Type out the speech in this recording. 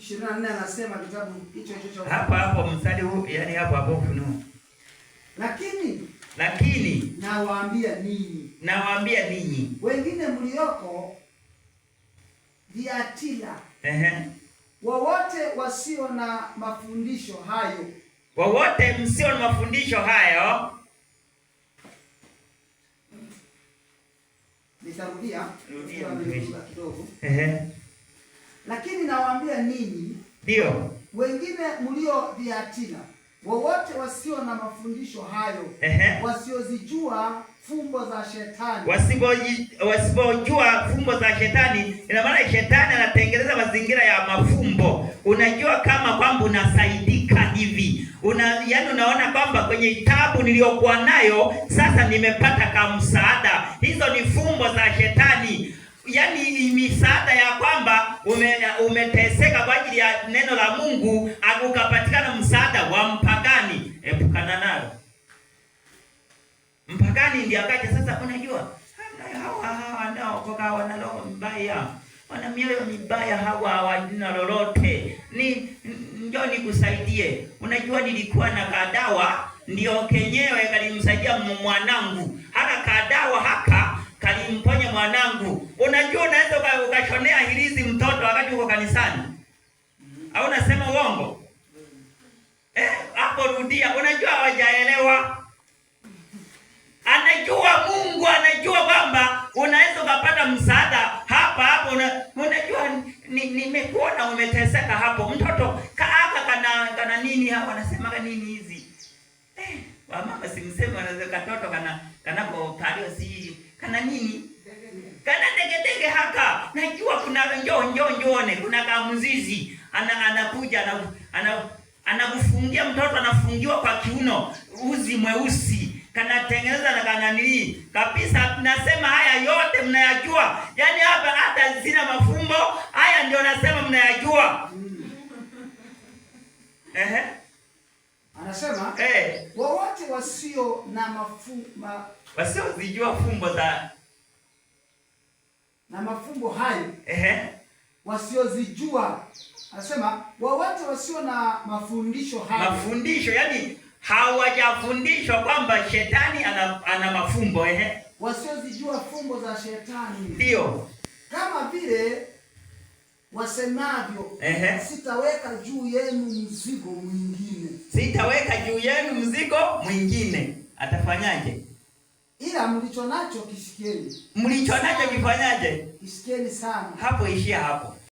24 anasema kitabu hicho hicho hapo hapo mstari huu, yani hapo hapo Ufunuo. Lakini lakini nawaambia ninyi, nawaambia ninyi wengine mlioko Thiatira, ehe, wowote wasio na mafundisho hayo, wowote msio na mafundisho hayo, nitarudia kidogo, ehe lakini nawaambia ninyi, ndio wengine mlio viatina wowote wasio na mafundisho hayo, wasiozijua fumbo za shetani, wasipojua fumbo za shetani. Ina maana shetani anatengeneza mazingira ya mafumbo. Unajua kama kwamba unasaidika hivi una, yaani unaona kwamba kwenye tabu niliyokuwa nayo sasa nimepata msaada Hizo ni fumbo za shetani yani misaada ya kwamba umeteseka kwa ajili ya neno la Mungu, akukapatikana msaada wa mpagani, epukana nalo. Mpagani ndiye akaja sasa, unajua hawa hawa wanaokoka wana roho mbaya, wana mioyo mibaya, hawa hawana lolote. Ni njoo nikusaidie, unajua nilikuwa na kadawa ndio kenyewe kalimsaidia mwanangu hata fulani au nasema uongo eh, hapo eh? Rudia, unajua hawajaelewa. Anajua Mungu anajua kwamba unaweza ukapata msaada hapa hapo. Unajua nimekuona ni umeteseka hapo, mtoto kaaka kana, kana nini hapo, anasema nini hizi eh, wamama simseme, wanaweza katoto kana kanapotaliwa si kana nini Kana tege tege haka. Najua kuna njoo njoo njoone, kuna kamzizi. Ana anakuja ana ana anakufungia mtoto anafungiwa kwa kiuno uzi mweusi. Kanatengeneza na kanani. Kabisa nasema haya yote mnayajua. Yaani hapa hata sina mafumbo. Haya ndio nasema mnayajua. Ehe. Anasema eh, wowote wasio na mafumbo wasio zijua fumbo za na mafumbo hayo ehe, wasiozijua anasema, wawate wasio na mafundisho hayo. Mafundisho yani hawajafundishwa kwamba shetani ana, ana mafumbo ehe, wasiozijua fumbo za shetani, ndio kama vile wasemavyo ehe, sitaweka juu yenu mzigo mwingine, sitaweka juu yenu mzigo mwingine. Atafanyaje? ila mlicho nacho kisikieni. Mlicho nacho kifanyaje? Kisikieni sana. Hapo, ishia hapo.